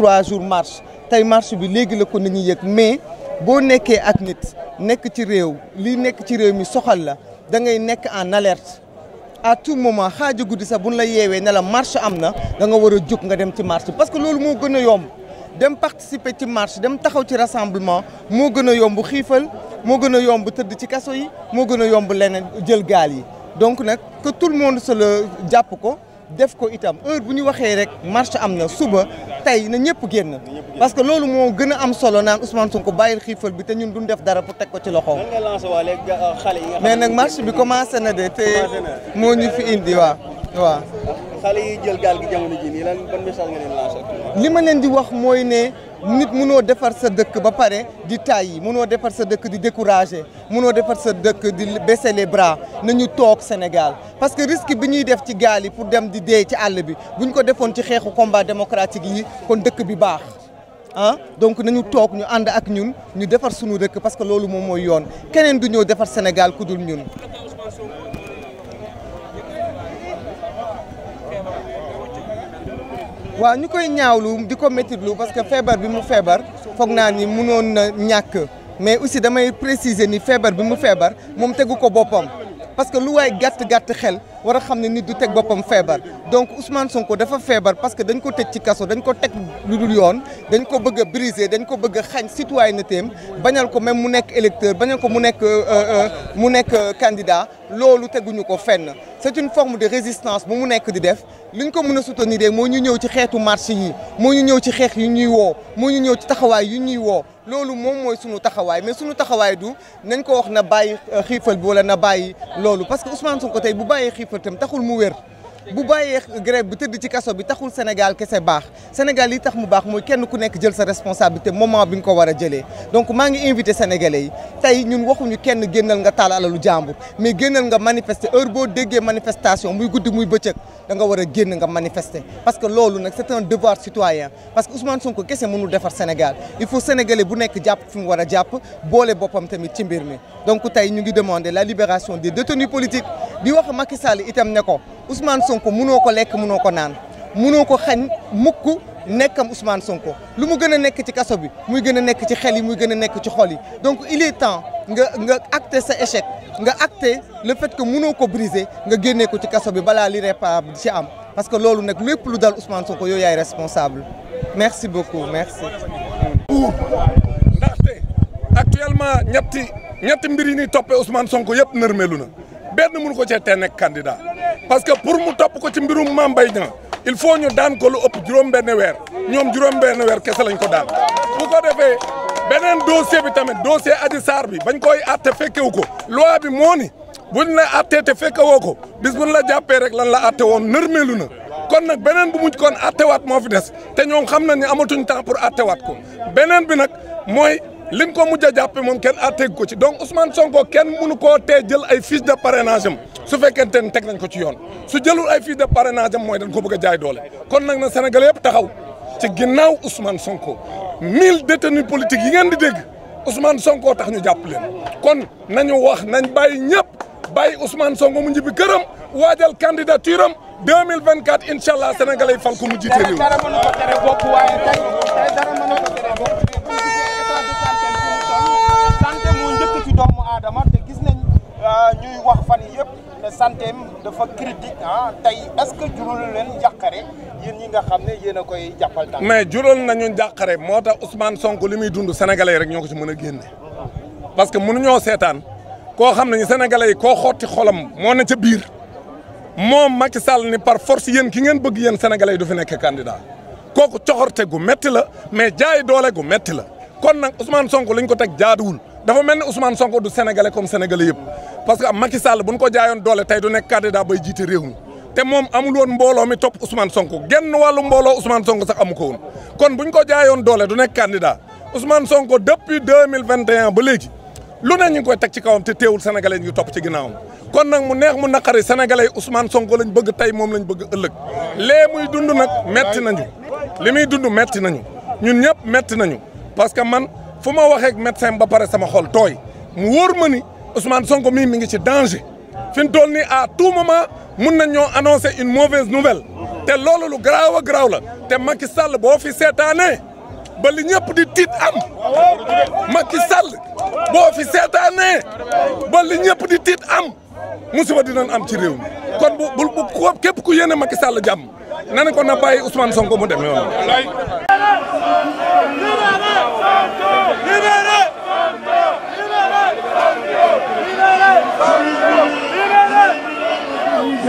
trois jours marche tey marche bi léegi la ko nit ñi yëg mais boo nekkee ak nit nekk ci réew li nekk ci réew mi soxal la da ngay nekk en alerte à tout moment xaaju guddi sax buñ la yeewee ne la marche am na da nga war a jóg nga dem ci marche parce que loolu moo gën a yomb dem participer ci marche dem taxaw ci rassemblement moo gën a yomb xiifal moo gën a yomb tëdd ci kaso yi moo gën a yomb leneen jël gaal yi donc nag que tout le monde se le jàpp ko def ko itam heure bu ñu waxee rek marche am na suba tey na ñëpp génn parce que loolu moo gën a am solo naan Ousmane Sonko bàyyil xiifal bi te ñun duñ def dara pour teg ko ci loxoom. Euh, mais nag marche bi commencé na de te moo ñu fi indi waaw xale yi jël gaal jamono ji nii li ma leen di wax mooy ne nit mënoo defar sa dëkk ba pare di tàyyi mënoo defar sa dëkk di décourager mënoo defar sa dëkk di baisser les na ñu toog Sénégal parce que risque bi ñuy def ci gaal yi pour dem di dee ci àll bi bu ñu ko defoon ci xeexu combat démocratique yi kon dëkk bi baax ah donc nañu toog ñu ànd ak ñun ñu defar sunu dëkk parce que loolu moom mooy yoon keneen du ñëw defar Sénégal ku dul ñun waaw ñu koy ñaawlu di ko méttitlu parce que feebar bi mu feebar foog naa ni mënoon na ñàkk mais aussi damay préciser ni feebar bi mu feebar moom tegu ko boppam parce que lu waaye gàtt gàtt xel. war a xam ne nit du teg boppam feebar donc Ousmane ko dafa feebar parce que dañ ko tëj ci kaso dañ ko teg lu dul yoon dañ ko bëgg a briser dañ ko bëgg a xañ citoyennetéem bañal ko même mu nekk électeur bañal ko mu nekk euh, euh, mu nekk euh, candidat loolu teguñu ko fenn c'est une forme de résistance bu mu nekk di def li ñu ko mën a soutenir moo ñu ñëw ci xeetu marché yi moo ñu ñëw ci xeex yi ñuy woo moo ñu ñëw ci taxawaay yi ñuy woo loolu moom mooy sunu taxawaay mais sunu taxawaay du nañ ko wax na bàyyi xiifal bi na bàyyi loolu parce que Ousmane Sonko bu bàyyi xiif bëtam taxul mu wér bu bàyyee grève bi tëdd ci kaso bi taxul Sénégal kese baax Sénégal yi tax mu baax mooy kenn ku nekk jël sa responsabilité moment bi nga ko war a jëlee donc maa ngi invité sénégalais yi ñu ñun waxuñu kenn génnal nga taal alalu jàmbur mais génnal nga manifester heure boo déggee manifestation muy guddi muy bëccëg da nga war a génn nga manifester. parce que loolu nag c'est un devoir citoyen parce que Ousmane Sonko kese mënul defar Sénégal il bu nekk jàpp fi mu a jàpp boole boppam tamit ci mbir mi donc tey ñu ngi demander la libération des détenus politiques. di wax Macky Sall itam ne ko Ousmane Sonko munoo ko lekk munoo ko naan munoo ko xañ mukk nekkam Ousmane Sonko lu mu gën a nekk ci kaso bi muy gën a nekk ci xel yi muy gën a nekk ci xol yi donc il est temps nga nga acter sa échec nga acter le fait que munoo ko briser nga génnee ko ci kaso bi balaa l'irréparable ci am parce que loolu nag lépp lu dal Ousmane Sonko yow yaay responsable merci beaucoup merci. ndaxte actuellement ñetti ñetti mbir yi ñuy toppee Ousmane Sonko yëpp nërmeelu na. benn mënu ko cee tee nekk candidat parce que pour mu topp ko ci mbirum Mame Mbaye Niang il faut ñu daan ko lu ëpp juróom-benn weer ñoom juróom-benn weer kese lañ ko daan bu ko defee beneen dossier bi tamit dossier Adji Sarr bi bañ koy atte fekkewu ko loi bi moo ni buñ la attee te fekke woo ko bis buñ la jàppee rek lan la atte woon nërmeelu na kon nag beneen bu mujj koon attewaat moo fi des te ñoom xam nañ ne amatuñ temps pour attewaat ko beneen bi nag mooy li nga ko mujj a jàppe moom kenn àtteeg ko ci donc Ousmane Sonko kenn mënu koo tee jël ay fiche de parrainage am su fekkente ne teg nañ ko ci yoon su jëlul ay fiche de parrainage am mooy dañ ko bëgg jaay doole kon nag na Sénégal yëpp taxaw ci ginnaaw Ousmane Sonko mille détenus politiques yi ngeen di dégg Ousmane Sonko tax ñu jàpp leen kon nañu wax nañ bàyyi ñëpp bàyyi Ousmane Sonko mu ñibbi këram waajal candidature am 2024 incha allah sénégalais yi fal ko mu jiite réew Euh, ñuy wax fan yëpp dafa critique ah tey est-ce que jural nga xam ne yéen a koy jàppal tànk mais jural nañu jàqare moo tax Ousmane Sonko li muy dund sénégalais rek ñoo ko ci mën a génne parce que mënuñoo seetaan koo xam ne ñu sénégalais yi koo xotti xolam moo ne ca biir moom Macky Sall ni par force yéen ki ngeen bëgg yéen sénégalais yi du fi nekk candidat kooku coxorte gu metti la mais jaay doole gu metti la kon nag Ousmane Sonko li ñu ko teg jaaduwul dafa mel ni Ousmane Sonko du sénégalais comme sénégalais yëpp parce que Macky Sall bu ñu ko jaayoon doole tey du nekk candidat bay jiite réew mi te moom amul woon mbooloo top topp Ousmane Sonko genn wàllu mbooloo Ousmane Sonko sax amu ko woon kon bu ñu ko jaayoon doole du nekk candidat Ousmane Sonko depuis deux mille vingt et ba léegi lu ne ñu ko koy ci kawam te teewul sénégalais ñu ngi ci ginnaawam kon nag mu neex mu naqari sénégalais yi Ousmane Sonko lañ bëgg tey moom lañ bëgg ëllëg lee muy dund nag metti nañu li muy dund metti nañu ñun ñëpp metti nañu parce que man fu ma waxee ak médecin ba pare sama xol tooy wóor ma ni Ousmane Sonko mii mi ngi ci danger fi mu toll nii à tout moment mun nañ ñoo annoncer une mauvaise nouvelle te loolu lu garaaw la te Macky Sall boo fi seetaanee ba li ñëpp di tiit am Macky Sall boo fi seetaanee ba li di tiit am musiba dinañ am ci réew mi kon bu bu bu képp ku yéene Macky Sall jàmm na ne ko na bàyyi Ousmane Sonko mu dem yoon.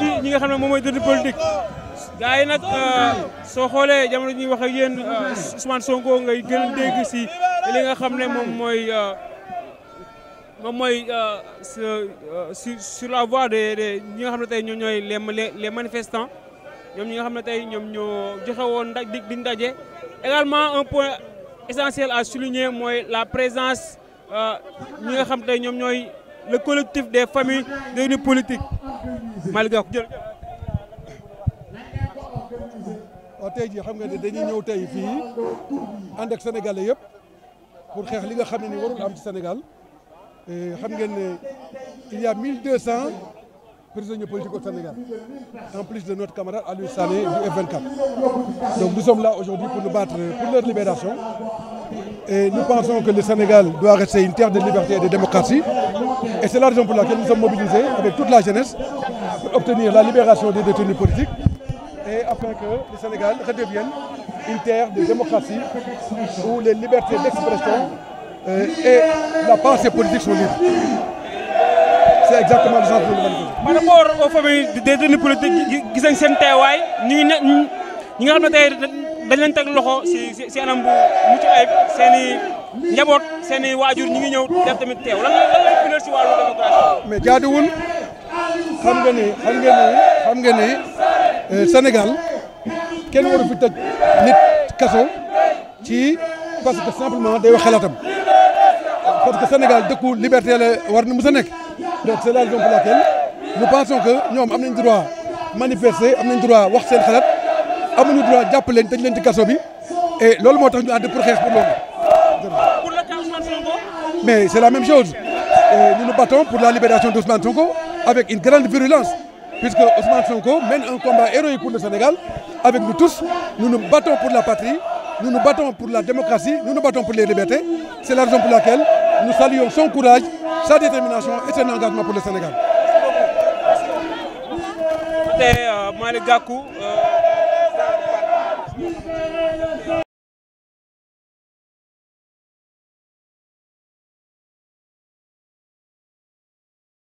si ñi nga xam ne moom mooy dund politique gars nag euh, soo xoolee jamono ñuy wax ak yéen euh, Ousmane Sonko ngay gën a dégg si li nga xam ne moom mooy euh, moom mooy sur la voie des ñi nga xam ne tey ñoom ñooy les les manifestants ñoom ñi nga xam ne tey ñoom ñoo joxe woon di di ndaje également un point essentiel à souligner mooy la présence ñi nga xam tey ñoom ñooy le collectif des familles de l'unité politique Malick Gakou jërëjëf waaw oh, tey jii xam nga ne dañuy ñëw tey fii ànd ak sénégalais yëpp pour xeex li nga xam ne ni am ci Sénégal eh, xam ngeen ne il y a 1200 prisonniers politiques au Sénégal en plus de notre camarade Aliou Sané du F24 donc nous sommes là aujourd'hui pour nous battre pour leur libération et nous pensons que le Sénégal doit rester une terre de liberté et de démocratie et c'est la raison pour laquelle nous sommes avec toute la jeunesse pour obtenir la libération des détenus politiques et afin que le Sénégal redevienne une terre de démocratie où les libertés d'expression euh, et la pensée politique sont C'est exactement le sens de la manifestation. Par rapport aux familles des détenus seen teewaay ñu ngi ne ñi nga xam ne tey dañ leen teg loxo si si anam bu seen i njaboot seen i waajur ñi ngi ñëw def tamit teew lan lan mais jaaduwul. xam nga ni xam xam nga ni eh, Sénégal kenn waru fi tëj nit kaso ci parce que simplement day wax xalaatam parce que Sénégal dëkku liberté la war na mës a nekk donc c'est la raison pour laquelle nous pensons que ñoom am na droit manifester am nañ droit wax seen xalaat amuñu droit jàpp leen tëj leen ci kaso bi et loolu moo tax ñu ànd pour xeex pour loolu. pour le cas mais c'est la même chose nous nous battons pour la libération d'Ousmane Sonko. avec une grande virulence, puisque Ousmane Sonko mène un combat héroïque pour le Sénégal. Avec nous tous, nous nous battons pour la patrie, nous nous battons pour la démocratie, nous nous battons pour les libertés. C'est la raison pour laquelle nous saluons son courage, sa détermination et son engagement pour le Sénégal.